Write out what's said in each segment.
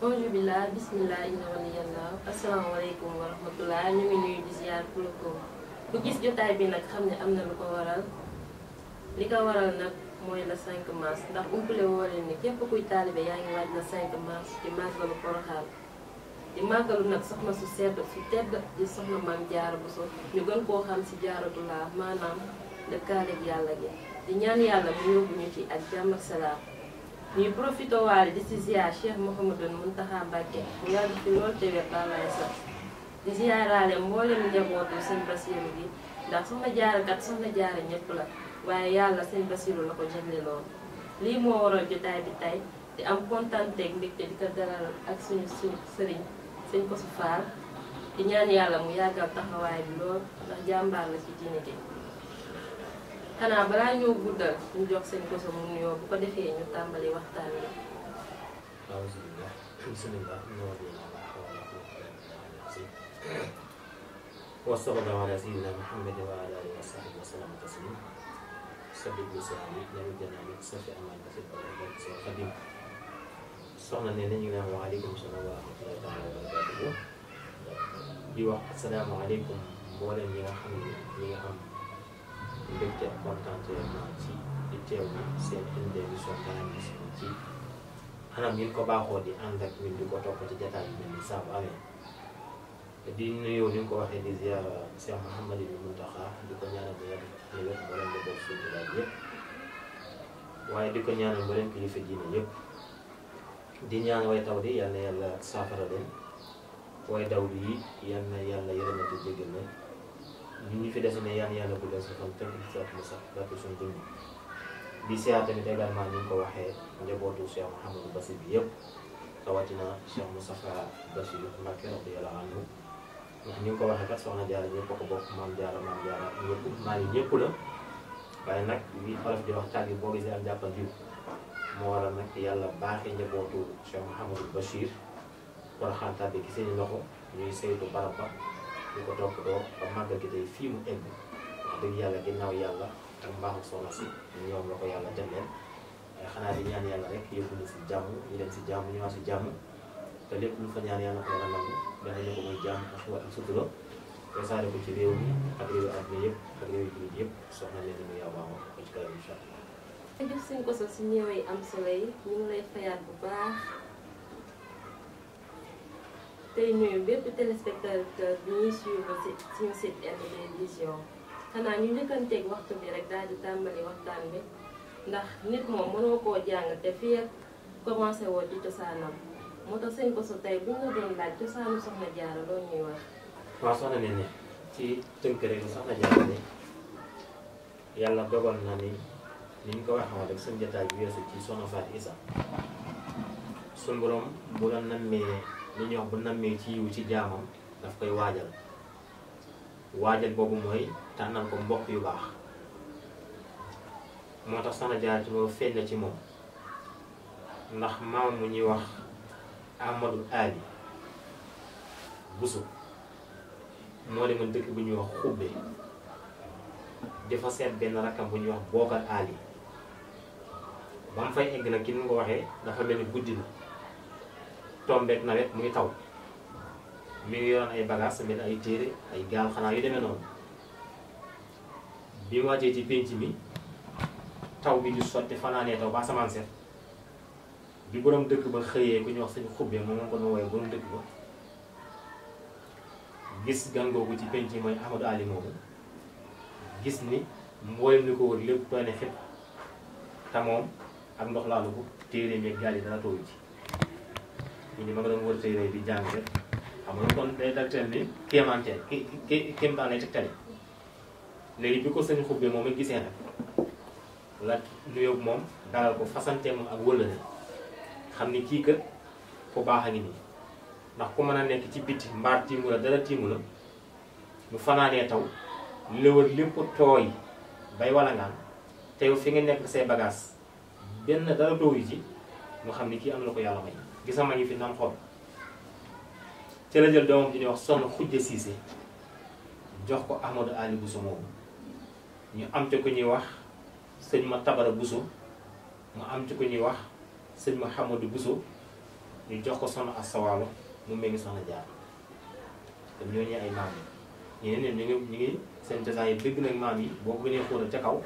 bonjour billah bismillah inna waliyallah asalaamaaleykum wa rahmatullah ñu ngi nuyu di ku la ko bu gis jotaay bi nag xam ne am na lu ko waral li ko waral nag mooy la 5 mars ndax umpale woole ni képp kuy taalibe yaa ngi waaj la 5 mars di màggalu Poroxaan di màggalu nag soxna su sedd su tedd di soxna maam Jaara Buso ñu gën koo xam si jaaratulaa maanaam dëkkaaleeg yàlla gi di ñaan yàlla bu yóbbu ñu ci ak jàmm ak ñuy profité waale di si ziar Cheikh Mouhamadou Mountakha Mbacké mu yàgg fi loolu te wér bàllaay sax di ziaraale mboolem njabootu sëñ Basiru gi ndax soxna jaarakat soxna jaara ñëpp la waaye yàlla sëñ Basiru la ko jëlee loolu lii moo waral jotaay bi tey di am kontaanteeg mbégte di ko dalal ak suñu suñu sëriñ sëñ Kosu Faal di ñaan yàlla mu yàggal taxawaay bi lool ndax jàmbaar la ci diine gi xanaa balaa ñoo guddal ñu jox sëñ Koso mu nuyoo bu ko defee ñu tàmbali waxtaan bi. wasalaamaaleykum ala sayyidina Muhammad wa ala alihi wa sahbihi wa sallam taslim sabbi bu saami nabi amaan ba sëñ Xadim soxna ne nañu naan waaleykum salaam wa rahmatullahi taala wa barakatuhu di wax asalaamaaleykum mboolem mbégte ak contentement ci di teewlu seen émission Darame Émission ci ko baaxoo di ànd ak ñun di ko topp di nuyoo ni nga ko waxee di ziar ko ñaanal di ba leen defal suñu laaj waaye di ko ñaanal ba leen kilifa diine di ñaan way taw di yal yàlla saafara leen way daw bi yal na yàlla yërëmati jégal leen. ñun ñu fi dese ne yaan yàlla bu leen soxal te du ci àdduna sax barke suñu dund di siyaar tamit également ni nga ko waxee njabootu Cheikh Mouhamadou Bassir bi yëpp rawatina Cheikh Moustapha Bassir Mbacké radiyallahu anhu ko waxee kat soxna Diarra ñëpp a ko bokk maam Diarra maam Diarra ñëpp maa ngi ñëpp la waaye nag li xolof di wax tàgg boo gisee ak jàppal jiw moo waral nag yàlla baaxee njabootu Cheikh Mouhamadou Bachir war xantaat bi ci seen loxo ñuy saytu barab ba di ko toppatoo ba màggal gi tey fii mu egg dëgg yàlla ginnaaw yàlla ak mbaaxu soxna si ñoom la ko yàlla yàlla rek yóbbu ñu si jàmm ñu si jàmm ñu waa si jàmm te lépp lu fa ñaan yàlla ko yàlla nangu ak xew ak sutura si ñëwee am solo yi ñu lay fayaat bu baax. tey nuyu bépp téléspectateur bi ñuy si suñu site RDV Vision xanaa ñu njëkkanteeg waxtu bi rek daal di tàmbali waxtaan bi ndax nit moom mënoo koo jàng te fii ak commencé woo di cosaanam moo tax sëñ Koso tey bu ñu la doon laaj cosaanu Soxna Jaara ñuy wax. waaw soxna ne ne ci tënk rek soxna Jaara ni yàlla dogal na ni ni ñu ko waxee rek seen jotaay bi weesu ci soxna Fatou Issa suñu borom bu la nammee. li ñuy wax bu nammee ci yiw ci jaamam daf koy waajal waajal boobu mooy tànnal ko mbokk yu baax moo tax soxna Jaara ci boobu feeñ na ci moom ndax maam mu ñuy wax Amadou Ali busu moo demoon dëkk bu ñuy wax xubbe dafa seet benn rakkam bu ñuy wax bookal Ali ba mu fay egg nag ki mu ko waxee dafa mel ni guddi na tombeek nawet muy taw mi ngi yoroon ay bagages mel ay téere ay gaal xanaa yu demee noonu bi wàccee ci pénc mi taw bi ñu sotti fanaanee taw ba asamaan set bi borom dëkk ba xëyee ku ñuy wax suñu xubbee moom moom ko doon woowee borom dëkk ba gis gan googu ci penc yi mooy Ahmadou Ali moomu gis ni mboolem li ko wër lépp tooy na xëpp te ak ndox laalu ko téere meeg gaal yi dara tooyu ci ñu ni ma nga doon wër téere di jàng rek xam nga kon day tegtal ni kéemaan tey ki léegi bi ko sëñ xubbee moom it gisee nag la nuyoo moom dalal ko fasante moom ak wëllëre xam ni kii kat ku baax a ngi nii ndax ku mën a nekk ci biti mbaar tiimu la dara tiimu la mu fanaanee taw léwal lépp tooy bay walangaan te yow fi nga nekk say bagaas benn dara dooyu ci mu xam ni kii am na ko yàlla may gisama ñu fi nam xool ci la jël doomam ji ñuy wax soxna xujja siise jox ko Ahmadou Ali Bousso moomu ñu am ci ku ñuy wax sëñ ma tabara Bousso mu am ci ñuy wax sëñ ma xamadu Bousso ñu jox ko soxna asawaalo mu mel ni soxna jaar dem ñoo ñu ay maam yi ñeneen ñu ngi ñu ngi seen cosaan yi dëgg nag maam yi boo ko gënee xóotal ca kaw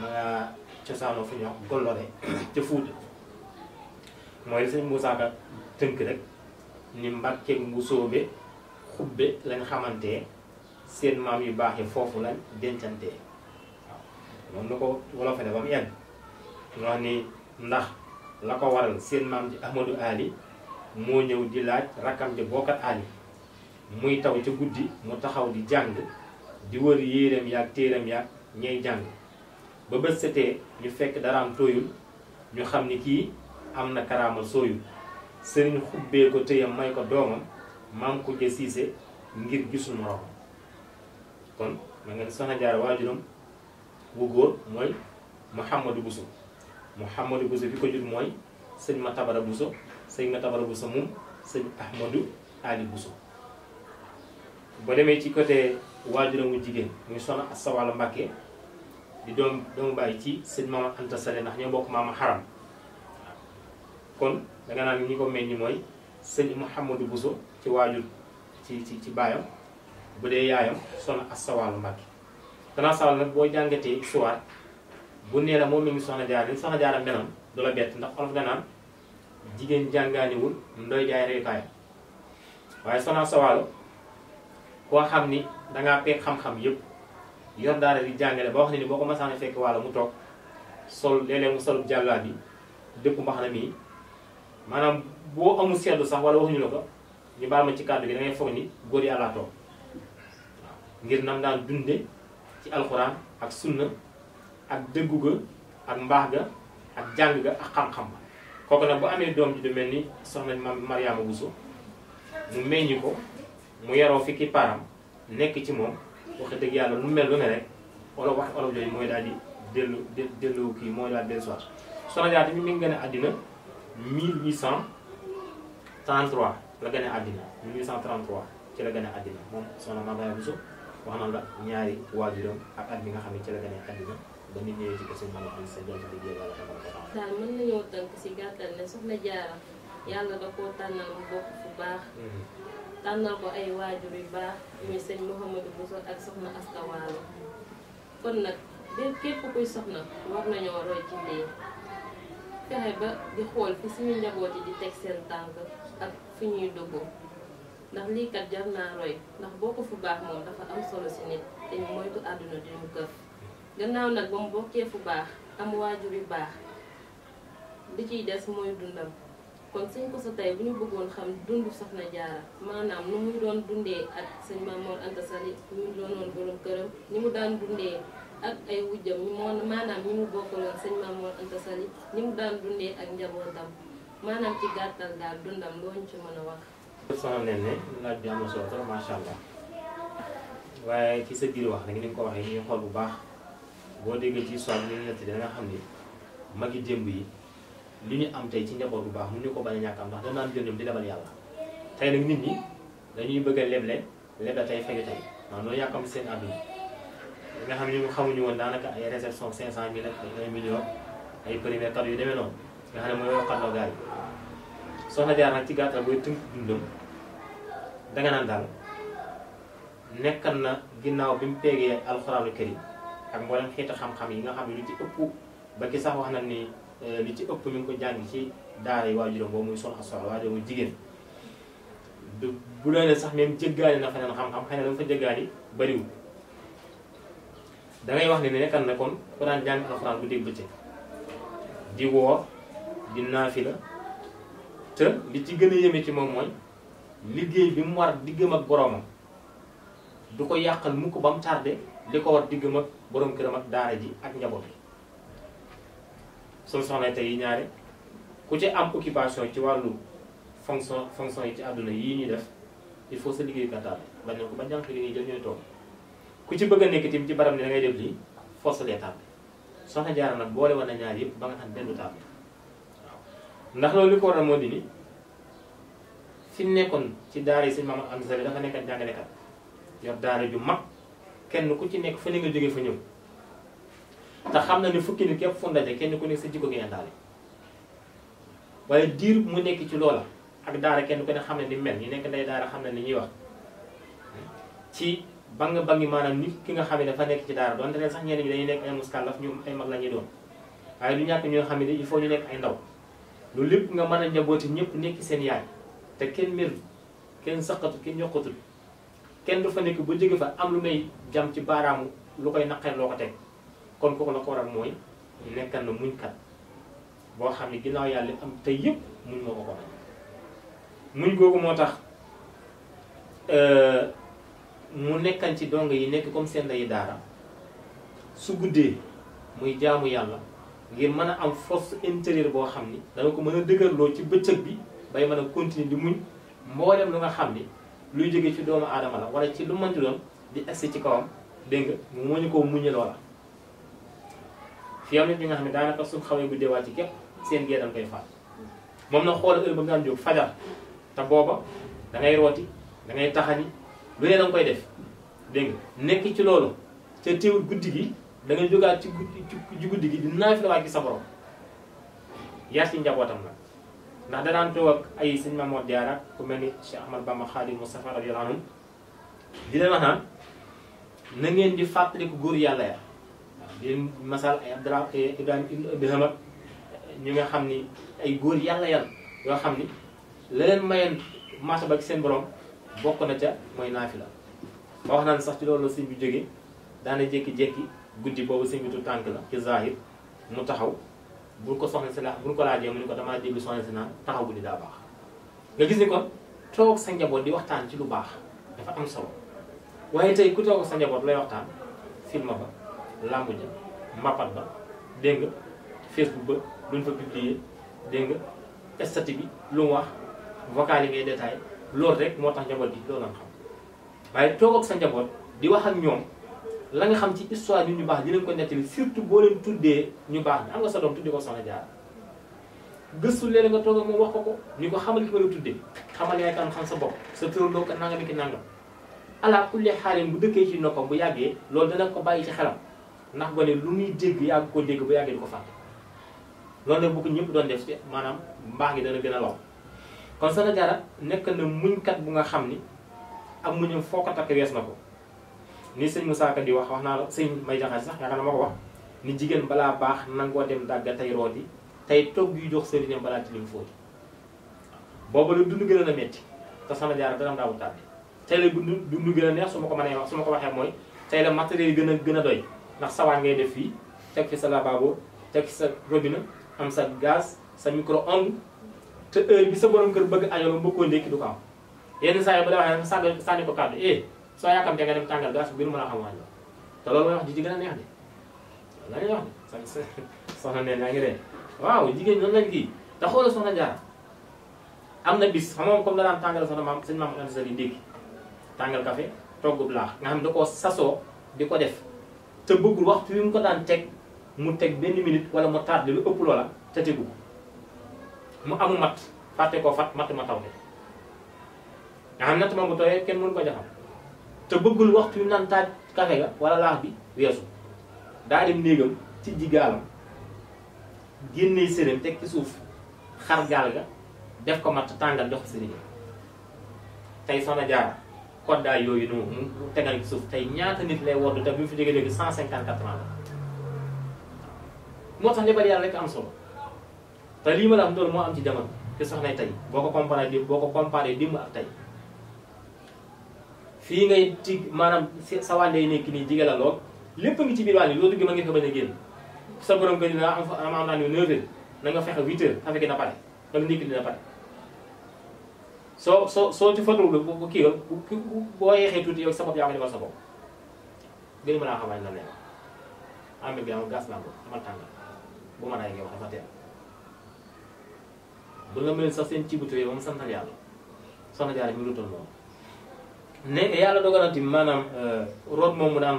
ma nga cosaanoo fu ñuy wax ca Fuuta mooy sëñ Moussa Ka tënk rek ni Mbàkke bu sóobe xubbe lañ xamante seen maam yu baax yi foofu lañ dencante waaw noonu la ko wolofe ne mu yàgg ndax la ko waral seen maam moo ñëw di laaj rakkam ji Bokar Ali muy taw ci guddi mu taxaw di jàng di wër yéeram yaag téeram yaag ñay jàng ba bët setee ñu fekk daraam tooyul ñu xam ni kii am na karaama sooyu sëriñ xubbee ko tëyam may ko doomam maam ko ja siise ngir gisul moroom kon ma nga soxna jaar waajuram bu góor mooy Mouhamadou Bousso Mouhamadou Bousso fi ko jur mooy sëñ ma tabara Bousso sëñ ma tabara Bousso moom sëñ Ahmadou Ali Bousso boo demee ci côté waajuramu jigéen muy soxna Assawala Mbàkke di doom doomu bàyyi ci sëñ ma Anta Sali ndax ñoo bokk maama xaram kon danga naan ñi ko meññ mooy sëñ Mouhamadou buso ci waajur ci ci ci baayam bu dee yaayam soxna Assawalu Mbàkke danaa sawal nag boo jàngatee histoire bu nee la moom mi ngi soxna jaar li soxna jaara du la bett ndax olof danaan jigéen jàngaaniwul ndoy jaay reyukaay waaye soxna Assawalu koo xam ni dangaa peeg xam-xam yëpp yor daara di jàngale ba wax ne ni boo ko masaana fekk wàlla mu toog sol léeg mu solub jàllaa bi dëpp mbax na mii maanaam boo amul seetlu sax wala waxuñu la ko ñu baal ma ci kàddu gi da ngay foog ni góor yi àllaa toog ngir nam daan dunde ci alxuraan ak sunna ak dëggu ga ak mbaax ga ak jàng ga ak xam-xam ba kooku nag bu amee doom ji du mel ni soxna Mariama Bousso mu meññi ko mu yaroo fi ki param nekk ci moom wax dëgg yàlla lu mel lu ne rek olof wax olof jooju mooy daal di dellu dellu kii mooy daal dellu soir soxna Jaara mi ngi gën a àddina 1833 la gane àddina 1833 ci la gane àddina moom soxna Mame Raya Bousso wax na la ñaari waajuram ak at bi nga xam ne ci la gane àddina ba nit ñëwee ci ko seen Mame Raya sa jël di jéem yàlla tabaraka wa taala bokk fu baax mm-hmm. tànnal ko ay waajur yu baax muy sëñ Mouhamadou Bousso ak soxna Asta kon nag bépp képp kuy soxna war nañoo roy ci lii fexe ba di xool fi suñu njaboot yi di teg seen tànk ak fi ñuy duggoo ndax lii kat jar naa roy ndax boo ko fu baax moom dafa am solo si nit te ñu moytu àdduna di mu kër gannaaw nag ba mu bokkee fu baax am waajur yu baax li ciy des mooy dundam kon sëñ ko sa tey bu ñu bëggoon xam dund soxna jaara maanaam nu muy doon dundee ak sëñ Maam Mor Anta Sali ñu doonoon borom këram ni mu daan dundee ak ay wujjam moo maanaam ñi mu bokkaloon sëñ Maam Mor Anta Sali ñi mu daan dundee ak njabootam maanaam ci gàttal daal dundam loo ñu ci a wax. na solo trop macha waaye ci sa biir wax nag ni ko waxee ñu xool bu baax boo déggee ci histoire bi xam ni mag yi yi li ñu am ci njaboot bu baax mënuñu ko bañ a ndax danaan jël di lebal yàlla tey nit ñi dañuy bëgg a leble leble tey fay tey maanaam loolu yàkkam seen àdduna nga xam ne ñu xamuñu woon daanaka ay réception cinq cent mille ak ay un million ay premier cadeau yu demee noonu nga xam ne mooy waxatloo gars yi soxna jaar nag ci gàttal booy tënk dundam danga naan daal nekkan na ginnaaw bi mu peegee alxuraanul karim ak mboolem xeetu xam-xam yi nga xam ne lu ci ëpp ba ki sax wax na ni euh, li ci ëpp mi ko jàng ci daara yi waajuram boobu muy son assoir waajur muy jigéen bu doonee sax même jéggaani na feneen xam-xam xëy na dama fa jéggaani da wax ne nekkal na kon ku daan jàng alxuraan bu dégg bëccëg di woor di naafila te li ci gën a yéeme ci moom mooy liggéey bi mu war diggam ak boroomam du ko yàqal mu ko ba mu tardé li ko war diggam ak boroom këram ak daara ji ak njaboot bi suñu soxna tey ñaare ku ci am occupation ci wàllu fonction fonction yi ci àdduna yii ñuy def il faut sa liggéey kataal bañ na ko ba jànq li ñuy jël ñooy toog ku ci bëgg a nekk tim ci barab ni da ngay def lii force lay tàbbi soxna jaara nag boole woon ñaar yëpp ba nga xam benn du tàbbi waaw ndax loolu li ko waral moo di fi nekkoon ci daara yi sëñ maam am sali dafa nekkat jàngalekat yor daara ju mag kenn ku ci nekk fa ni nga jógee fa ñëw te xam na ne fukki nit képp fu ndaje kenn ku nekk si jikko ngay àndaale waaye diir mu nekk ci loola ak daara kenn ku xam ne ni mel ñu nekk nday daara xam ne ni ñuy wax hmm. bang bangi maanaam nit ki nga xam ne dafa nekk ci daara doonte leen sax ñenn ñi dañuy nekk ay muskàllaf ñu ay mag la doon waaye du ñàkk ñoo xam ne il faut ñu nekk ay ndaw loolu lépp nga mën a njabooti ñëpp nekk seen yaay te kenn mer kenn saqatu kenn ñoqatul kenn du fa nekk ba jóge fa am lu may jam ci baaraamu lu koy naqar loo ko teg kon kooku la ko waral mooy nekkal na muñkat boo xam ne ginnaaw yàlla am te yëpp muñ moo ko ko muñ googu moo tax euh, mu nekkan ci dong yi nekk comme seen ndeyu daara su guddee muy jaamu yàlla ngir mën a am force intérieure boo xam ni dana ko mën a dëgërloo ci bëccëg bi bay mën a continue di muñ mboolem lu nga xam ni luy jóge ci doomu aadama la wala ci lu mën di doon di agsi ci kawam dégg nga mu muñu koo muñe loola fi am nit ñi nga xam ne daanaka suñ xawee guddee waa ci képp seen gee dañ koy faat moom na xoola heure ba nga jóg fajar te booba da ngay rooti da ngay lu ne danga koy def dégg nga nekk ci loolu ca teewul guddi gi da nga jógaat ci guddi gi di naafila waat ci sa borom yar ci njabootam la ndax danaan toog ak ay sëñ Mamoor Jaara ku mel ni Cheikh Ahmad Bamba Xaadim Mustafa radiyallaahu di leen wax naan na ngeen di fàttaliku góor yàlla ya waaw di ay ñu nga xam ay góor yàlla yan yoo xam ni la leen mayoon marché ba seen borom bokk na ca mooy naafila ma wax naan sax ci loolu la sëñ bi jógee daana jékki-jékki guddi boobu sëñ bi tu tànk la ci zahir mu taxaw bu ko soxna si la bu ko laajee mu ne ko damaa dégg soxna si naan taxaw guddi daa baax nga gis ni kon toog sa njaboot di waxtaan ci lu baax dafa am solo waaye tey ku toog sa njaboot lay waxtaan film ba làmb ja mbapat ba dégg nga facebook ba luñ fa publier dégg nga estati bi lu mu wax vocal yi ngay détaillé loolu rek moo tax njaboot gi loolu la xam toog ak sa njaboot di wax ak ñoom la nga xam ci histoire nit ñu baax dinañ ko nettali surtout boo leen tuddee ñu baax ne am nga sa doom tuddee ko soxna jaar gëstu léeg nga toog ak moom wax ko ko ni ko xamal ki ma la tuddee xamal yaay kan xam sa bopp sa tur doo ko nangami ki nangam ala kulli xaalim bu dëkkee ci ko bu yàggee loolu dana ko bàyyi ci xelam ndax gone lu muy dégg yàgg koo dégg bu yàggee di ko fàtte loolu nag bu ko ñëpp doon def ci maanaam mbaax gi dana gën kon Sara Diarra nekk na muñkat bu nga xam ni am muñam foo ko takk wees na ko ni sëñ Moussa Ka di wax wax naa la sëñ may jaxaat sax yaakaar na ma ko wax ni jigéen balaa baax nangoo dem dàgga tey rooti tey togg yu jox sëriñam balaa tilim fóoti booba la dund gën a metti te Sara Diarra dara daawu tàbbi tey la neex su ma ko mënee wax su ma ko waxee mooy tey la matériel gën a gën a doy ndax sawaan ngay def fii teg fi sa lavabo teg fi sa robinet am sa gaz sa micro-ondes te heure bi sa borom kër bëgg añoo la mbëkkoo ndékki du ko am yenn saa yi bu la waxee sànni sànni ko kàddu eh soo yàkkamtee nga dem tàngal glace bi mën a xam ji a neex de la ñuy wax de jigéen noonu te xoolal soxna jaar am na bis xam moom comme la daan tàngal soxna maam sëñ maam Alisa di tàngal café togg laax nga xam da koo sasoo di ko def te bëggul waxtu wi mu ko daan teg mu teg benn minute wala mu tardé lu ëpp loola te tegu ko mu amu mat fàtte ko fat mat ma taw te nga xam natt ma bu kenn mënu ko jaxam te bëggul waxtu yu naan kafe ga wala laax bi weesu daa dem néegam ci jigaalam génnee sëriñ teg ci suuf xar gaal ga def ko matt tàngal jox sëriñ tey soxna jaara koddaay yooyu noonu mu tegal ci suuf tey ñaata nit lay wodd te bu fi jógee léegi cent cinquante quatre moo tax li rek am solo te lii ma la am loolu moo am ci jamono ci soxnay tey boo ko comparé démb boo ko comparé démb ak tey fii ngay ci maanaam sa wàllee nekk nii jigéen la lool lépp ngi ci biir wàll yi loolu gi ma ngi fa bañ a génn sa borom gën dina am am naa ne 9 heures na nga fexe 8 heures xafeke na pare wala ndékki dina pare soo soo soo ci fotowul ko kii boo yeexee tuuti yow sa bopp yaa ko defal sa bopp gën mën a ne na leen amir am gas naa ko amal tànga bu mën a yeggee wax dafa teel bu la mel sax seen ci bu tawee moom santal yàlla soxna jaara yàlla dogalati maanaam euh, root moom mu daan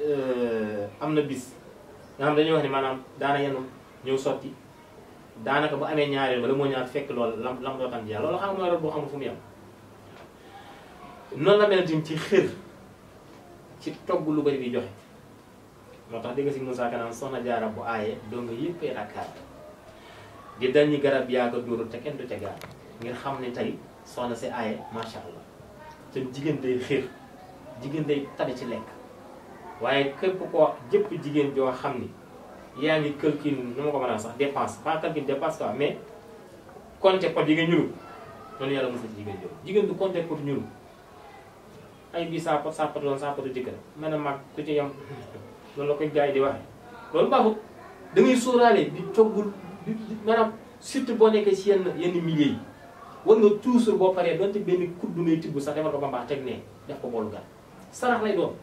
euh, am na bis nga xam dañuy wax ne maanaam daana yenu ñëw sotti daanaka bu amee ñaareel wala moo ñaar fekk loolu lam lam dootan ji yàlla loolu xam mooy root boo xam fu mu yem noonu la mel tamit ci xër ci togg lu bari di joxe moo tax dégg si Moussa Kanaan soxna jaara bu aaye doo nga yëppee rakkaat di dal ñi garab yaa ko dóoru te kenn du ca gaar ngir xam ne tey soxna si aaye macha allah te jigéen day xiir jigéen day tabe ci lekk waaye képp ko jëpp jigéen joo xam ni yaa ngi calcul nu ma ko mën a sax dépense pas calcul dépense quoi mais konte pot yi nga ñuru loolu yàlla mos a jigéen joo jigéen du compter pot ñuru ay bii saa pot saa pot loolu saa pot jëkkër mën a mag ku ci yem loolu la koy gars di waxee loolu baaxut da ngay di toggul maanaam surtout boo nekkee si yenn yenn milliers yi war nga toujours boo paree donte benn kuddu ngay tibb sax defal ko bambaax teg ne def ko boolu gar sarax lay doon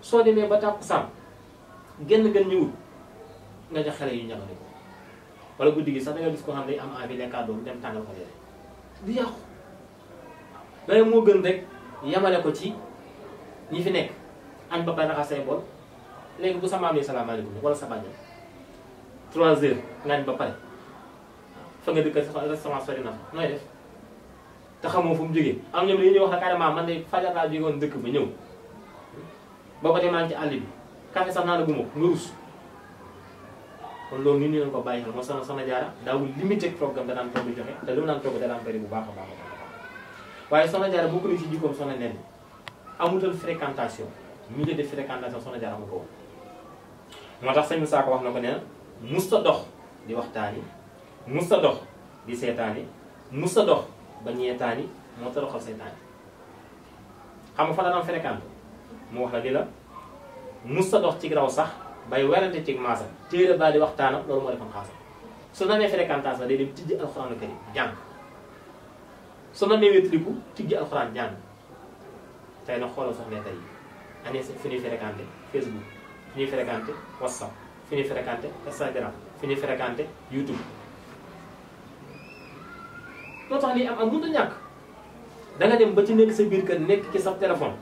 soo demee ba tàpp sàmm genn gën ñëwul nga jox xale yi ñaxale ko wala guddi gi sax da nga gis ko xam ne am envie lekkaat doom dem tàngal ko leere du yàqu waaye moo gën rek yamale ko ci ñi fi nekk añ ba pare bool léegi bu sa maam yi salaamaaleykum wala sa bàjjen trois heures nga ba pare fa nga dëkk sa semence sori na fa nooy def te xamoo fu mu jógee am ñoom li ñuy wax la carrément man ne fajar laa jógee woon dëkk ba ñëw boo ko demaan ci àll bi café sax naa la guma nga ko bàyyi xel moo sama sama jaara daawul limité programme danaan togg joxe te lu mu naan togg danaan bëri bu baax a baax a baax waaye soxna jaara bokk na ci jikkoom soxna nen amutal fréquentation milieu de ko moo tax sëñ Moussa ko wax na ko nee na musta dox di waxtaan waxtaani musta dox di seetaani musta dox ba ñeetaani moo ta doxal seetaani xam nga fa la daan fréquente mu wax la di la musta dox ci raw sax bay werante ci maasam téere baa di waxtaanam loolu moo defam xaasam su na nee fréquentation day dem tijji alxuraan karim jàng su na nee wétliku tijji alxuraan jàng tey nag xoolal sax ne tey année fi ñuy fréquenté Facebook fi ñuy fréquenté WhatsApp fi ñuy fréquenté Instagram fi ñuy fréquenté YouTube loo tax lii am am mënut a ñàkk danga dem ba ci nekk sa biir kër nekk ci sa téléphone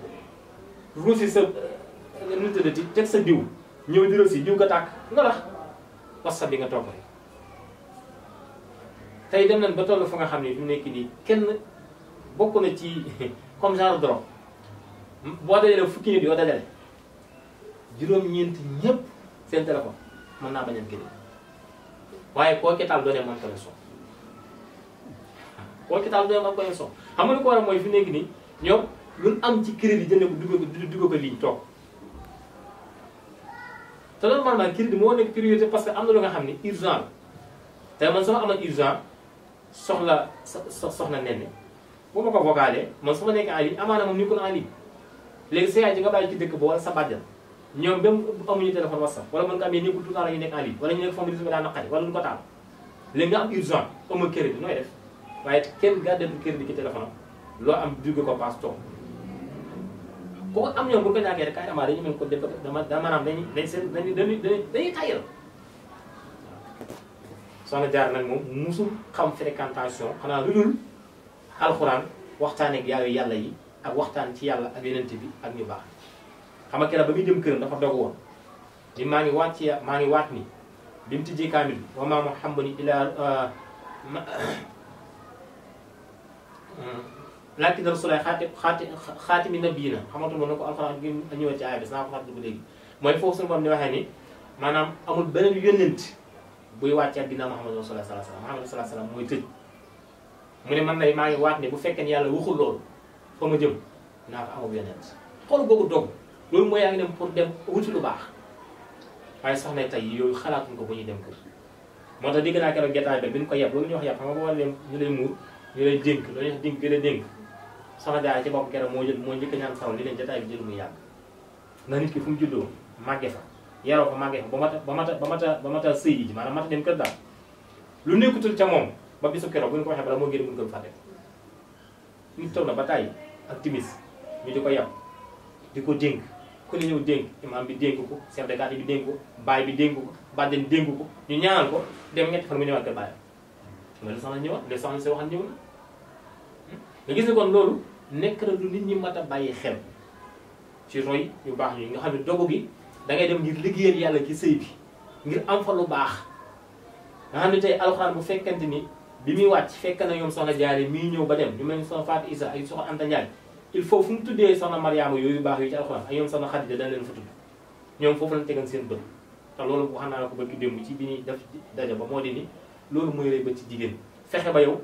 ruusi sa euh, nu tëddati teg sa diw ñëw di ruusi diw ko tàkk nga lax whatsapp bi nga toog rek tey dem nañ ba toll fa nga xam ne fi nekk nii kenn bokk na ci comme genre drogue boo dajalee fukki nit yoo dajale juróom-ñeent ñëpp seen téléphone mën naa bañ a waaye koo kitaab doonee man ko ne son koo kitaab doonee man ko ne xam nga li war a mooy fi nekk nii ñoom lu am ci crédit jëndee ko dugg ko dugg ko ligne toog te normalement crédit moo nekk priorité parce que am na lu nga xam ne urgent la tey man sama amoon urgent soxla soxna nenne bu ma ko vocalee man su ma nekk a en ligne amaana moom ni ko en ligne léegi sa yaay ji nga ci dëkk ba wala sa bàjjan ñoom même amuñu téléphone whatsapp wala mën ko amee nekkul tout le temps la ñu nekk en ligne wala ñu nekk fond de daa naqari wala du ko taal léegi nga am urgent amoo crédit nooy def waaye kenn gàddantu crédit ci téléphone am loo am dugg ko paas toog kooku am ñoom bu ko ñàkkee rek carrément dañu mel ko def dama dama maanaam dañuy dañ seen dañuy dañuy dañuy tàyyal soxna jaar nag moom musul xam fréquentation xanaa lu dul alxuraan waxtaan ak yaayu yàlla yi ak waxtaan ci yàlla ak yeneen bi ak ñu xam nga keroog ba muy jëm këram dafa dogu woon ni maa ngi waat ci maa ngi waat ni bi mu tijjee kaamil bi wa maa muhammadun illaa uh, laakin rasulaay xaati xaati xaatimi nabiyina xamatu ma ne ko alxuraan gi ñëwee ci aaya bi saa ko fàttali ba léegi mooy foofu suñu borom di waxee ni maanaam amul beneen yónnent buy wàcc ak ginnaaw Muhammad rasulaay salaa salaam Muhammad salaa salaam mooy tëj mu ne man nay maa ngi waat ne bu fekkee ne yàlla waxul loolu fa ma jëm naa fa amul yónnent xool googu dog loolu moo yaa ngi dem pour dem wuti lu baax waaye soxna yi tey yooyu xalaatuñ ko bu ñuy dem kër moo tax dégg naa keroog getaay ba bi ñu ko yeb loolu ñu wax yeb xam nga boo leen ñu lay muur ñu lay dénk loolu ñu ci bopp keroog moo moo njëkk saw li leen jotaay bi jël mu na nit ki fu mu juddoo màgge fa yaroo fa màgge fa ba ba mata ba mata ba mata sëy ji maanaam mata dem kër daal lu nekkutul ca moom ba bisu keroog bu ñu ko waxee bala moo génn mun ko fàtte nit toog na ba tàyyi ak timis ñu di ko yab di ko dénk ku la ñëw dénk imaam bi dénk ko chef de bi dénk ko baay bi dénk ko bàjjen dénk ko ñu ñaanal ko dem ñetti fan mu ñëwaat kër baayam mooy la soxna ñëw na hmm? nga gis ne kon loolu nekk na lu nit ñi mat a bàyyi xel ci roy yu baax ñu nga xam ne dogu gi da ngay dem ngir liggéeyal yàlla ci sëy bi ngir am fa lu baax nga xam ne tey alxuraan bu fekkente ni bi muy wàcc fekk na ñoom soxna jaare mi ñëw ba dem ñu mel ni soxna Fatou Issa ak soxna Anta Ndiaye il faut fu mu tuddee soxna Mariama yooyu baax yu ci alxuraan ak ñoom soxna Xadija dañ leen fa tudd ñoom foofu lañ tegal seen bët te loolu wax naa la ko bëgg démb ci bi ñuy def daja ba moo di ni loolu mooy rey ba ci jigéen fexe ba yow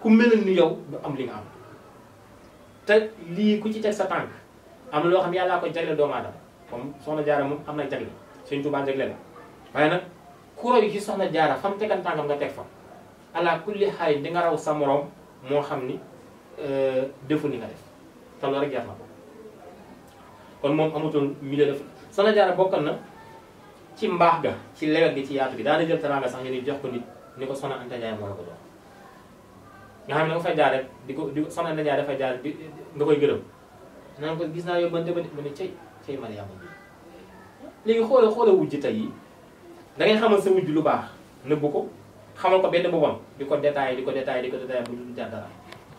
ku mel ni yow du am li nga am te lii ku ci teg sa tànk am loo xam yàllaa ko jagle doomaa aadama comme soxna jaara moom am na jagle sëñ Tuubaa jagle la waaye nag ku roy ci soxna jaara fam tegal tànkam nga teg fa ala kulli xaay di nga raw moo xam ni euh, defu te loolu rek jar na ko kon moom amutoon milieu def Soxna Jaara bokkal na ci mbaax nga ci lewet gi ci yaatu gi daana jël teraanga sax ñu jox ko nit ni ko Soxna Anta Njaay moo la nga jaar di ko di Soxna Anta jaar di nga koy gërëm naan ko gis naa yóbbante ba mu ne cey cey Mariama bi léegi xoole xoole wujj tey yi da ngay xamal sa wujj lu baax nëbbu ko xamal ko benn boppam di ko détaillé di ko détaillé di ko détaillé bu dul jar dara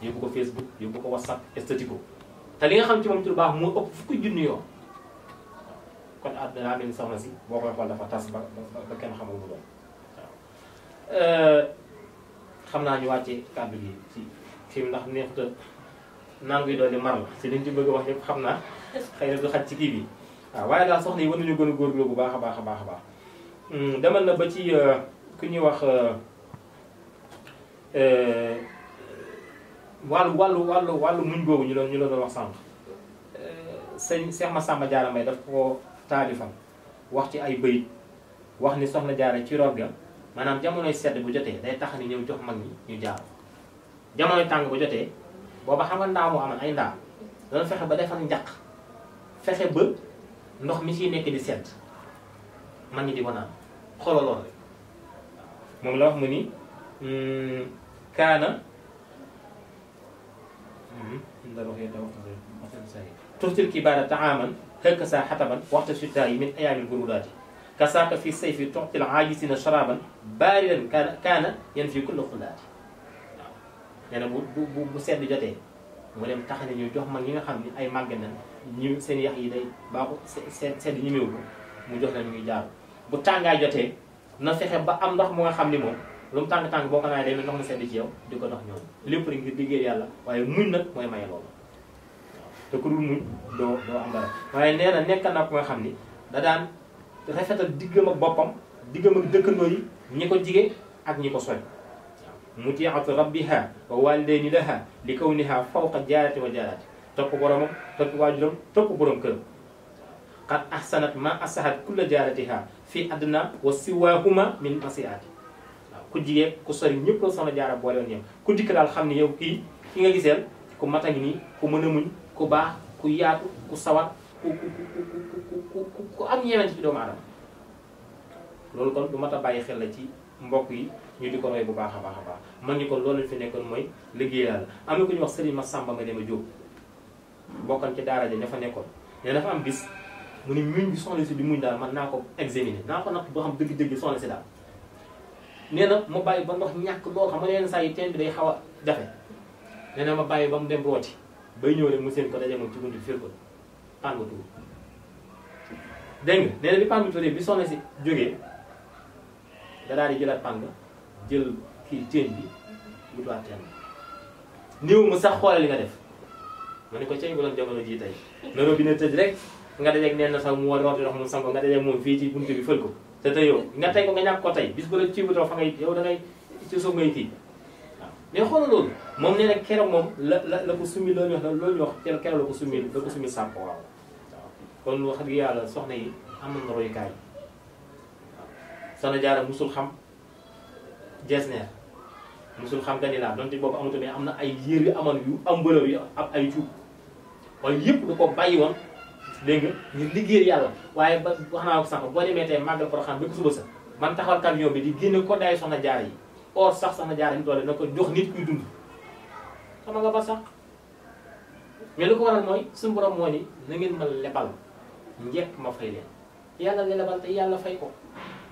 yóbbu ko Facebook yóbbu ko WhatsApp esthétique ko te li nga xam ci moom ci baax moo ëpp fukki junni yoo kon àdduna daa mel si boo koy xool dafa tas ba ba kenn xamul mu doon xam naa ñu wàcce kàddu gi ci fi ndax neexuta nangu yi doole mar la si liñ ci bëgg wax yëpp xam naa xëy na du xaj ci kii bi waaw waaye daal soxna yi war nañu gën a góor bu baax a baax a baax a baax hmm, demal na ba ci euh, ku ñuy wax euh, euh, wàllu wàllu wàllu wàllu muñ googu ñu la ñu la doon wax sànq euh, sëñ Seex Masamba Jaara Mbay daf ko taalifam wax ci ay bëyit wax ni soxna jaara ci rob ga maanaam jamonoy sedd bu jotee day tax ni ñëw jox mag ñi ñu jaar jamonoy tàng bu jotee booba xam nga ndaa moo amoon ay ndaa doon fexe ba defal njaq fexe ba ndox mi ciy nekk di sedd mag ñi di ko naan xololoon rek moom la wax mu ni hmm, kaana indal waxyenda waxtasay turtil kibaara taaman hëkk sa xataban waxta suddaa yi min ayaamil gurudaati kasaaka fi sayfi tuxtil aajisina sharaban baaridan kaana yan fii kulla xulaati waaw nee na bu bu bu sedd jotee mu dem tax ñu jox mag yi nga xam ne ay màgg na ñu seen yax yi day baaxu seen sedd ñemewu ko jox leen ñuy bu tàngaay jotee na fexe ba am ndox mu nga xam ni moom lu mu tàng tàng boo ko naanee day mel ndox sedd ci yow di ko dox ñoom lépp rek ngir liggéey yàlla waaye muñ nag mooy maye loolu waaw te ku dul muñ doo doo am waaye nee na nekk na ko nga xam ni da daan rafetal diggam ak boppam diggam ak dëkkandoo yi ñi ko jige ak ñi ko soñ waaw mutiatu rabbiha wa walidayni laha li kawniha fawqa jaarati wa jaarati topp boromam topp waajuram topp borom këram qad ahsanat ma asahat kulla jaaratiha fi adna wa siwahuma min ku jigéen ku sori ñëpp la soxna jaara boo woon ñëpp ku dikk daal xam ni yow kii ki nga giseel ku mat a nii ku mën a muñ ku baax ku yaatu ku sawar ku ku ku ku am ñeewante ci doomu aadama loolu kon du mat a bàyyi xel la ci mbokk yi ñu di ko roy bu baax a baax a baax man ñu kon loolu fi nekkoon mooy liggéeyal am na ku ñuy wax Serigne Massamba nga dem a jóg bokkan ci daara ja ña fa nekkoon ne dafa am bis mu ni muñ bi soxna si di muñ daal man naa ko examiner naa ko natt boo xam nee na ma bàyyi ba ndox ñàkk loo xam ne yenn saa yi teen bi day xaw a jafe nee na ma bàyyi ba mu dem rooti bay ñëw rek mu seen ko daje moom ci bunt bi fir ko paan bi paan si jógee da di jëlaat paan ba kii teen bi mu tuwaat mu sax xoolal li nga def ma ne ko cay buloon bi na tëj rek na sax mu war rooti ndox mu sanko nga ci bunt bi fël ko te tey yow nga tey ko nga ñàkk ko tey bis bu la ci butoo fa ngay yow da ngay ci suuf ngay kii waaw mais xoolal loolu moom nee na keroog moom la la ko summi loolu ñu wax loolu ñu wax keroog la ko summi la ko summi sàmp waaw kon wax dëgg yàlla soxna yi am na royukaay waaw soxna jaara musul xam jesneer musul xam ganilaa donte boobu amatu mais am na ay yéer yu amoon yu am bëlaw yu ab ay cuub waaye yëpp du ko bàyyi woon dégg nga ñu liggéey yàlla waaye ba wax naa ko sànq boo demee tey màggal Porokhane bi ko sa man taxawal camion bi di génne ko daay jaar yi or sax soxna jaar yi doole na ko jox nit kuy dund xam nga ba sax mais lu ko mooy suñu borom moo ni na ngeen ma lebal njëkk ma fay leen yàlla la lebal te yàlla fay ko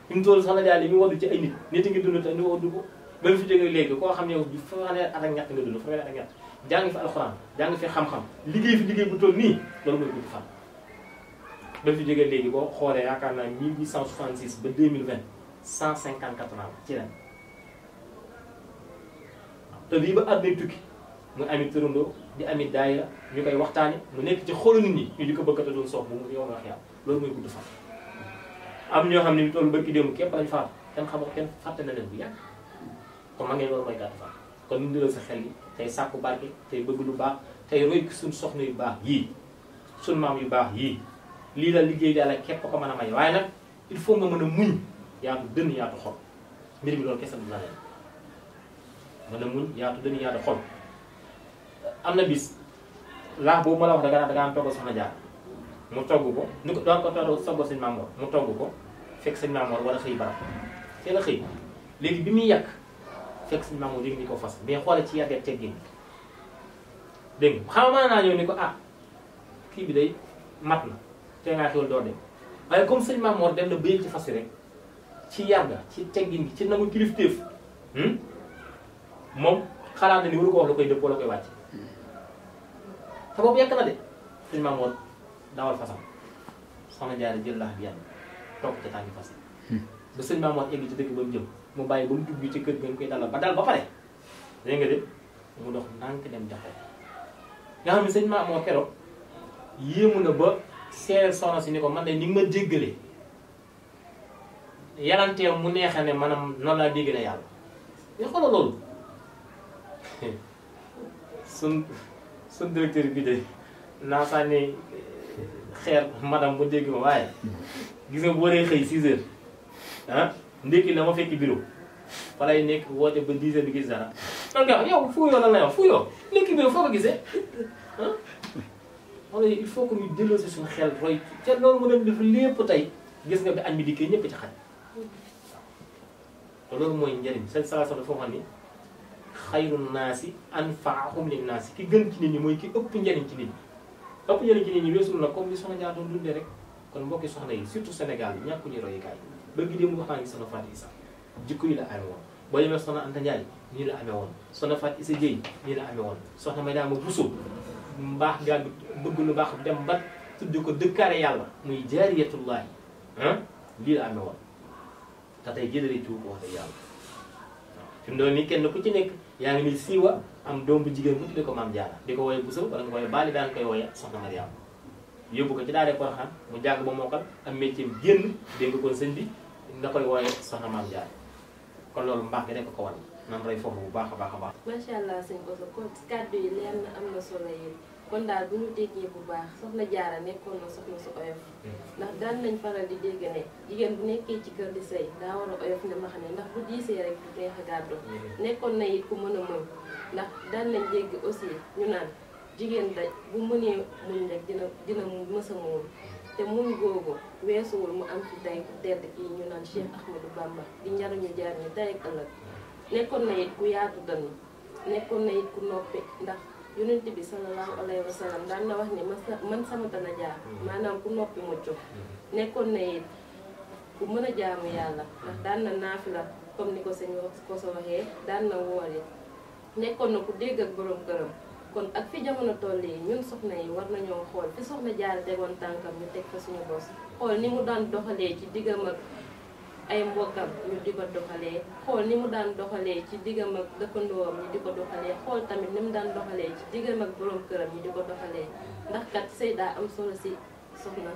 fi mu toll soxna jaar yi mi waddu ci ay nit nit ngi dund te ni waddu ko ba mu koo xam ne yow fanweer at ak ñett nga dund fanweer at ak ñett jàng fi alxuraan jàng fi xam-xam liggéey fi liggéey bu toll nii loolu mooy gudd fan dafa jóge léegi boo xoolee yaakaar naa 1866 ba 2020 154 ans ci ren te lii ba àdduna tukki muy amit tërëndoo di amit daaya ñu koy waxtaane mu nekk ci xolu nit ñi ñu di ko bëgg a doon soox bu mu yow wax yàlla loolu mooy gudd fan. am ñoo xam ne toolu bëgg démb képp dañ faatu kenn xamoo kenn fàtte na leen bu yàgg kon ma ngeen loolu mooy gàtt fan kon ñu ngi sa xel ni tey sàkku barke tey bëgg lu baax tey roy suñ soxna yu baax yii suñ yu baax yii. lii la liggéey yàlla képp ko mën a may waaye nag il faut nga mën a muñ yaatu dënn yaatu xol mi loolu a muñ yaatu dënn yaatu xol am na bis laax boobu ma la wax danga daan am togg soxna jaar mu togg ko ni ko doon ko togg sogo sëñ Maamoor mu togg ko fekk sëñ Maamoor wala xëy barab teel a xëy léegi bi muy yàkk fekk sëñ Maamoor léegi ni ko fas mais xoole ci yàggat teggin dégg nga xam naa ñëw ni ko ah kii bi day mat na te ngaa xewal doo dem waaye comme sëñ Maam dem na bëyëg ci fas rek ci yàgga ci teggin gi ci nangu kilifteef hmm? moom xalaat na ni waru ko wax la koy dëppoo la koy wàcc te boobu yekk na de sëñ Maam Mor dawal fasam soxna jaare jël lax bi yàlla toog ca tàngi fas hmm. ba sëñ Maam egg ci dëkk ba mu jëm mu bàyyi ba mu dugg ci kër ga ñu koy dalal ba dal ba pare dégg de mu dox ndànk dem jaxoo nga xam ne sëñ Maam keroog yéemu na ba seereel soxna si ni ko man de ni ma jéggale yalantee mu neexe ne maanaam noonu laa déggale yàlla ñu xoolal loolu sun sun directeur bi de naa sànni xeer madame bu dégg ma waaye gis nga bu waree xëy 6 ah ndékki la ma fekk bureau fa lay nekk woote ba gis dara. donc yow fu yoo lan lay wax fu yoo foo ko gisee ah? wala il faut que ñu delloo si suñu xel roy ci te loolu mu doon lépp tey gis nga bi añ bi dikkee ñëpp ci xaj waaw te loolu mooy njëriñ seen salaasa dafa wax ni xayru naasi ki gën ci nit ñi mooy ki ëpp njëriñ ci nit ñi ëpp njëriñ ci na comme li soxna kon mbokki soxna yi surtout Sénégal bi ñàkkuñu royukaay ba gi démb waxaa ngi soxna Fatou Issa jikko yi la amee woon boo demee soxna Anta Ndiaye nii la amee woon soxna Fatou Issa Dieye nii mbaax gàgg bëgg lu baax dem ba tudd ko dëkkaare yàlla muy jaariyatullaahi ah lii la amee woon te tey jëlee ci wax dëgg yàlla fi mu doon kenn ku ci nekk yaa ngi nii siiwa am doom bu jigéen bu tuddee ko maam jaara di ko wooye busa wala nga koy baali daan koy wooye soxna Mariam yóbbu ko ci daara Porokhane mu jàng ba mokkal am métier génn dégg nga ko sëñ bi nga koy wooye soxna maam jaara kon loolu mbaax gi rek ko waral nan rey foofu bu baax a baax a baax. macha allah sëñ Kosso kon kàddu yi leer na am na solo yéen kon daal bu ñu déggee bu baax soxna jaara nekkoon na soxna su oyof. Hmm. ndax daal nañ faral di dégg ne jigéen bu nekkee ci kër di sëy daa war a oyof ne ma xam ne ndax bu diisee rek du neex a gàddu. Hmm. nekkoon na yit ku mën a muñ ndax daal nañ dégg aussi ñu naan jigéen daj bu mënee muñ rek dina dina mës a muñ hmm. te muñ googu weesuwul mu am ci denk ku tedd kii ñu naan Cheikh Ahmadou Bamba njaruñu jaar ñu tey nekkoon na it ku yaatu dënn nekkoon na it ku noppi ndax yonent bi sallallahu alayhi wa sallam daan na wax ne man sama dana jaar hmm. maanaam ku noppi mucc hmm. nekkoon na it ku mën a jaamu yàlla ndax daan na naafila comme ni ko sëñ ko sa waxee daan na woor it nekkoon na ku dégg ak borom këram kon ak fi jamono toll yi ñun soxna yi war nañoo xool fi soxna jaar tegoon tànkam ñu teg fa suñu bos xool ni mu daan doxalee ci diggam ak ay mbokkam ñu di ko doxalee xool ni mu daan doxalee ci diggam ak dëkkandoom ñu di ko doxalee xool tamit ni mu daan doxalee ci diggam ak borom këram ñu di ko doxalee ndax kat sëy daa am solo si soxna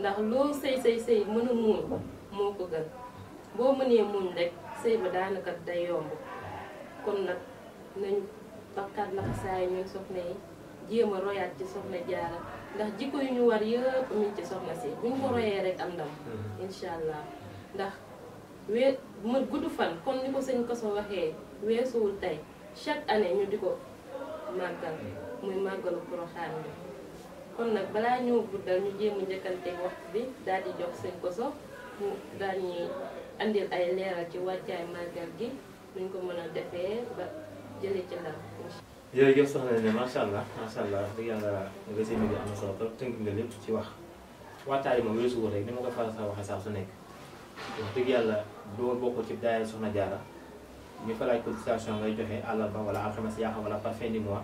ndax loo sëy sëy sëy mën a moo ko gën boo mënee muñ rek sëy ba daanaka day yomb kon nag nañu takkaat laxasaay ñun soxna yi jéem a royaat ci soxna jaara ndax jikko yu ñu war yëpp mi ci soxna si buñ ko royee rek am ndam mm-hmm. incha ndax wee mu gudd fan kon ni ko sëñ Koso waxee weesuwul tey chaque année ñu di ko màggal muy màggalu Porokhane bi kon nag balaa ñoo guddal ñu jéem a njëkkante waxtu bi daal di jox seen Koso mu daal ñuy andil ay leeral ci wàccaay màggal gi nuñ ko mën a defee ba jëlee ci la jërëjëf soxna ne macha allah macha allah dëgg yàlla nga seen bi am na solo trop tënk nga lépp ci wax waxtaan yi moom weesuwul rek ni ma ko faral saa waxee saa su nekk wax dëgg yàlla doo bokk ci daayira Soxna Jaara ñu fa laaj cotisation ngay joxe àllarba wala alxames yaa xam wala par fin du mois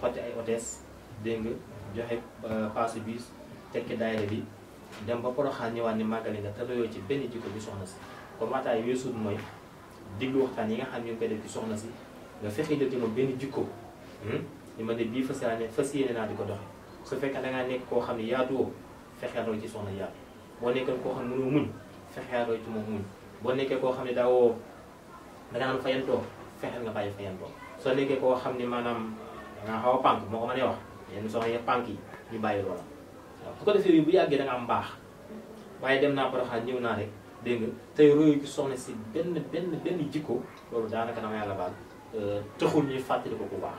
xotti ay hôtesse dégg nga joxe euh, passe bus tekki daayira bi dem ba Poroxaan ni màggali nga te doyoo ci benn jikko bi soxna si kon waxtaan yi mooy diglu waxtaan yi nga xam ñu ngi def ci soxna si nga fexe dëgg ma benn jikko li hmm, ma ne bii fas yéene fas yéene naa di ko doxe su fekkee da ngaa nekk koo xam ne yaatuwoo fexeel ci soxna yaatu boo nekkoon koo xam ne mënoo muñ fexeel roy ci moom muñ boo nekkee koo xam ne daawoo danga naan fayantoo fexeel nga bàyyi fayantoo soo nekkee koo xam ne maanaam danga xaw a pànk moo ko mënee wax yenn soxna yi pànk yi ñu bàyyi loola su ko defee bu yàggee da am baax waaye dem naa Porokhane ñëw naa rek dégg nga tey royu ci soxna si benn benn benn jikko loolu daanaka dama yàlla baal euh, taxul ñu fàttali ko bu baax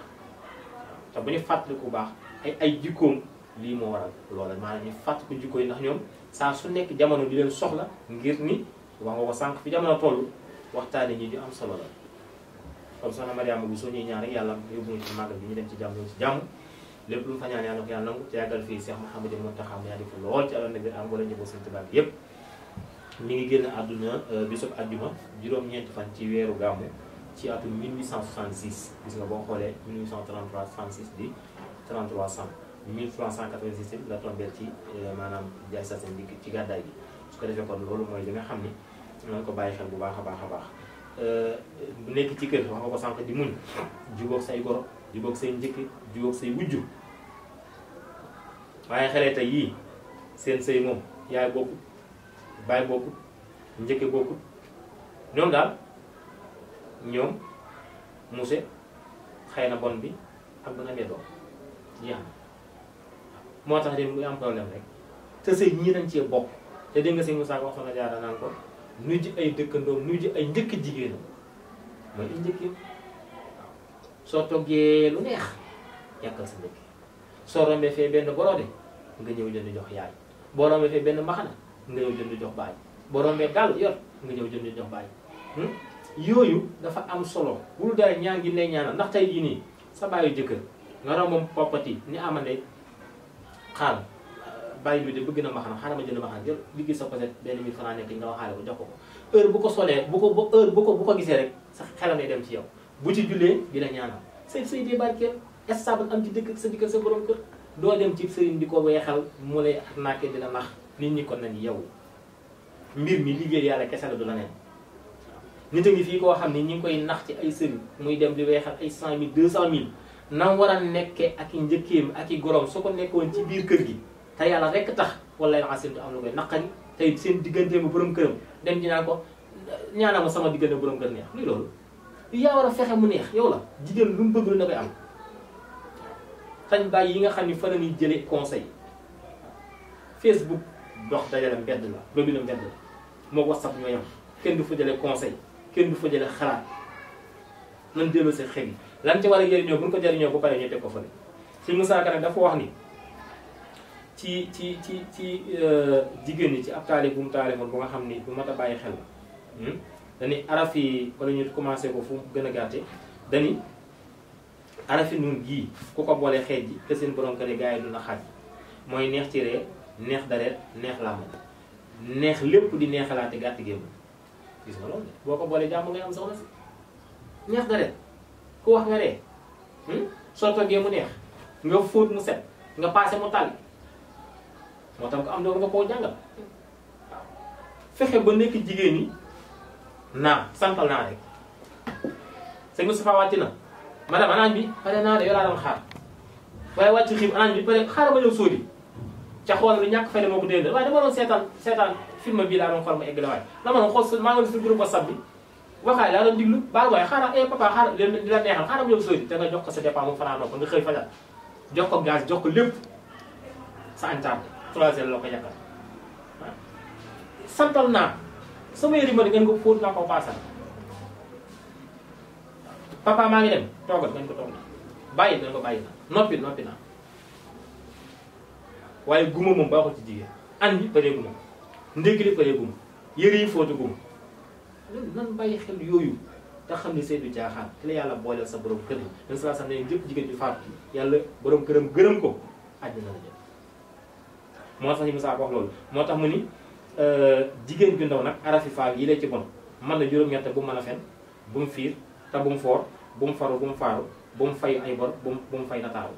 te bu ñu fàttali bu baax ay ay jikkoom lii moo waral loola maanaam ñu fàttali ko jikko yi ndax ñoom saa su nekk jamono di leen soxla ngir ni wax nga ko sànq fi jamono toll waxtaane ji ñu am solo la kon soxna Mariama bu soo ñuy ñaan yàlla yóbbu ñu ci bi ñu dem ci jàmm ci jàmm lépp lu mu fa ñaan yàlla ko yàlla yàggal fii fi lool ci àlal na biir am wala njëbo seen tubaab bi yépp mi ngi génn àdduna euh, bisub àjjuma juróom-ñeenti fan ci weeru gàmmu ci atum 1866 gis nga boo xoolee 1833 36 di 33 cent 1386 la tombeel ci euh, maanaam jaay sa seen digg ci gàddaay gi su ko defee kon loolu mooy li nga xam ni nañ ko bàyyi xel bu baax a baax a baax bu euh, nekk ci kër wax ko sànq di muñ jubóog say goro jubóog say njëkk jubóog say wujju waaye xareeta yii seen sëy moom yaay bokkut baay bokkut njëkke bokkut ñoom daal ñoom muse xëy na bon bi ak bu namee doom jeex moo tax réew mi am problème rek te sëy ñii nañ cee bokk te dégg nga sëñ Moussa wax na jaara naan ko nuy ji ay dëkkandoom nu ji ay njëkk jigéenam mooy i njëkk soo toggee lu benn borode nga ñëw jënd jox yaay boo rombee benn mbaxana nga boo rombee dàll yor nga ñëw jënd jox baay hmm? yooyu dafa am solo wulu dara ñaan gi lay ndax tey jii nii sa baayu jëkkër nga romb poppati ni amande xaaral bàyyi bi de bëgg na maxana xaaral ma jënd maxana jël liggéey sa poset benn mille franc nekk nga waxaale ko jox ko ko heure bu ko solee bu ko bu heure ko bu ko gisee rek sa xelam lay dem ci yow bu ci jullee di la ñaanal say say dee barkeel stable am ci dëkk sa dikk sa borom kër doo dem ci sëriñ di ko weexal mu lay arnaqué di la max nit ñi kon nañ yow mbir mi liggéey yàlla kese la du la neen nit a ngi fii koo xam ne ñi ngi koy nax ci ay sëriñ muy dem di weexal ay cent mille deux cent nam war a nekkee ak i njëkkeem ak i gorom soo ko nekkoon ci biir kër gi te yàlla rek tax wala asim du am lu koy naqari tey seen diggante bu borom këram dem dinaa ko ñaanal ma sama diggante borom kër neex luy loolu yaa war a fexe mu neex yow la jigéen lu mu bëgg lu na koy am tañ bàyyi yi nga xam ni fa la ñuy jëlee conseil Facebook dox dajale mbedd la robinet moo WhatsApp ñoo yam kenn du fa conseil kenn du fa jëlee xalaat nan delloo seen xel lan ci war bu ñu ko jëriñoo bu paree ñu teg ko fële suñu musaaka dafa wax ni ci ci ci ci euh, jigéen ñi ci ab taalif bu mu taalifoon bu nga xam ni bu mat a bàyyi xel la hmm? dañuy araf yi wala ñu commencé ko fu gën a gàtte dañuy arafi nun gii ku ko boole xeej ji te seen borom kër yi gars yi duna xaaj mooy neex ci ree neex dareet neex làmb neex lépp di neexalaate gàtt gémm gis nga loolu boo ko boolee jàmm ngay am soxna si neex dareet ko wax nga ree hmm? soo toggee mu neex nga fóot mu set nga paase mu tàlli moo tax ko am loolu nga koo jàngal fexe ba nekk jigéen ñi naa santal naa rek sëñ Moustapha wàcc na madame anaañ bi pare naa de yoo laa doon xaar waaye wàcc xiib anaañ bi pare xaaral ma ñëw sóodi ca xool lu ñàkk fayda moo ko déedéet waaye dama doon seetaan seetaan film bii laa doon xool ma egg la waaye dama doon xool maa ngi woon si groupe WhatsApp bi waxaay laa doon diglu baal waaye xaaral eh papa xaaral leen di la neexal xaaral ñëw sori te nga jox ko sa dépens mu fanaan ko nga xëy fajal jox ko gaz jox ko lépp sa antaar trois heures la ko yàqal ah. santal naa sama yëri ma di ngeen ko fóot naa ko paasal papa maa ngi dem toogal ngeen ko toog na bàyyi ngeen ko bàyyi na noppi noppi naa waaye guma moom baaxul ci jigéen an yi paree guma ndékki li paree guma yëri yi fóotu guma nan bàyyi xel yooyu tax xam ne Seydou jaaxaan ki la yàlla booleel sa borom kër yi dañ saa sax ne jëpp jigéen ju faatu yàlla boroom këram gërëm ko àddina la jëm moo moo tax mu ni euh, jigéen ju ndaw nag arafi faal yi la ci bon mën na bu mu mën a bu mu fiir mu faru bu mu fay ay fay nataaru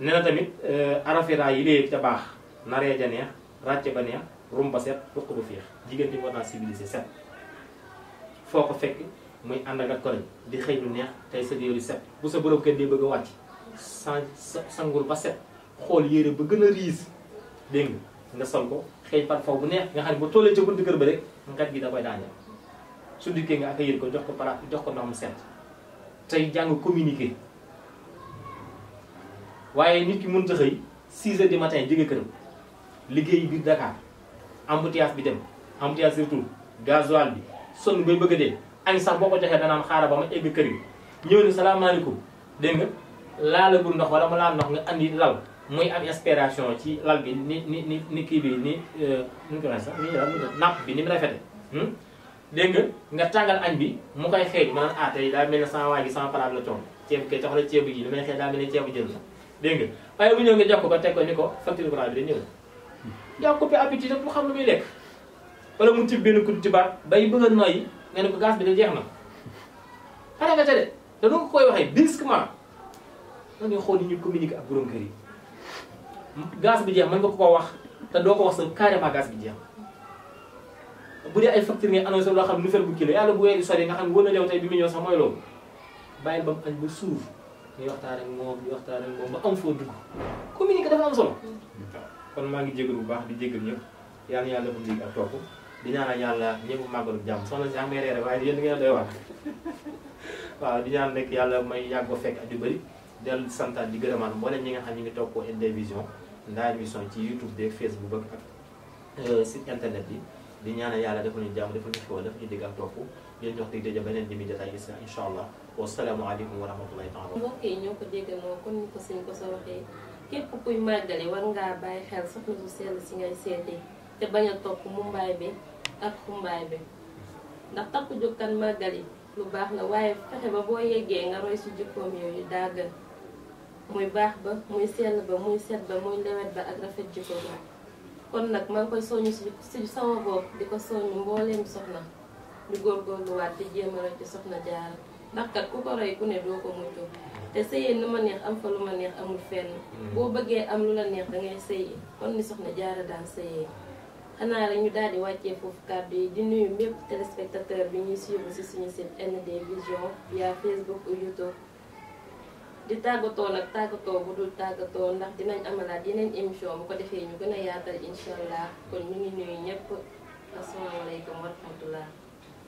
nee na tamit euh, arafi raa yi léegi ca baax naree ja neex ràcce ba neex ba set ruq ba féex jigéen di war naa civilisé set foo ko fekk muy ànd ak koreñ di xëy lu neex tey sa yére set bu sa borom kenn dee bëgg a wàcc san sangul ba set xool yére ba gën a riis dégg nga sol ko xëy parfum bu neex nga xam ne bu tollee ca buntu kër ba rek ngat gi da koy daaneel su dikkee nga accueillir ko jox ko para jox ko ndox mu set tey jàng communiqué waaye nit ki mënut a xëy 6 heures du matin jóge këram liggéey biir Dakar embouteillage bi dem embouteillage surtout gasoil bi sonn bay bëgg a dee añ sax boo ko joxee danaan xaaral ba ma egg kër gi ñëw ni salaamaaleykum dégg nga laalagul ndox wala mu laa ndox nga andi lal muy am inspiration ci lal bi ni ni ni kii bi ni euh, nu ñu sax ni napp bi ni mu rafete hmm? dégg nga nga tàngal añ bi mu koy xeej maanaam ah tey daa mel sama waa gi sama palaab la coon ceeb kay tax la ceebu ji li may xeej daa mel ne ceebu jël la dégg nga waaye ñëw nga jox ko ba teg ko ni ko facture courant yaa coupé appétit bu xam lu muy lekk wala mu tibb benn kudd ci baat bay bëgg a noyyi nga ne ko gaz bi de jeex na. xanaa nga tëddee te nu koy waxee brusquement da xool ni ñu communiquer ak borom kër yi gaz bi jeex mën nga ko ko wax te doo ko wax sa carrément gaas bi jeex bu dee ay facture ngay annoncé loo xam ne nouvelle bu kilo yàlla bu weer yi sori nga xam ne wóor na yow tey bi mu ñëw sa mooy loolu bàyyil ba mu añ ba suuf ngay waxtaan ak moom di waxtaan ak moom ba am foo dugg communiquer dafa am solo. kon maa ngi jégalu bu baax di jégal ñëpp yal na yàlla defal dégg ak topp di ñaanal yàlla ñëpp màggal ak jàmm soxna si am ngay reere waaye yéen ngeen doy waaw di ñaan rek yàlla may yàgg ko fekk at yu bëri santa santaat di gërëmaat mboolem ñi nga xam ñu ngi topp LD Vision Ndar Vision ci YouTube beeg Facebook ak euh, si internet bi di ñaanal yàlla defal ñu jàmm defal ñu xéwal def ñu dégg ak topp yéen jox dig daje beneen jëmi jotaay gis incha allah wasalaamaaleykum wa rahmatullahi taala mbokk képp kuy màggale war ngaa bàyyi xel soxna su sell si ngay seetee te bañ a topp mumbaay bi ak xumbaay bi ndax takku jukkan màggali lu baax la waaye fexe ba boo yeggee nga roy si jikkoom yooyu dàggal muy baax ba muy sell ba muy set ba muy lewet ba ak rafet jikko ba kon nag maa ngi koy soñu si sama bopp di ko soñu mbooleem soxna ñu góorgóorluwaat te jéem a roy soxna jaar ndax ku ko roy ku ne doo ko mucc te sëyee nu ma neex am fa lu ma neex amul fenn mm-hmm. boo bëggee am lu la neex da ngay sëyee kon ni soxna jaara daan sëyee xanaa rek ñu daal di wàccee foofu kàddu yi di nuyu mépp téléspectateur bi ñuy suivre si suñu site ND Vision via Facebook YouTube di tàggatoo nag tàggatoo bu dul tàggatoo ndax dinañ amalaat yeneen émission bu ko defee ñu gën a yaatal incha allah kon ñu ngi nuyu ñëpp asalaamaaleykum wa rahmatullah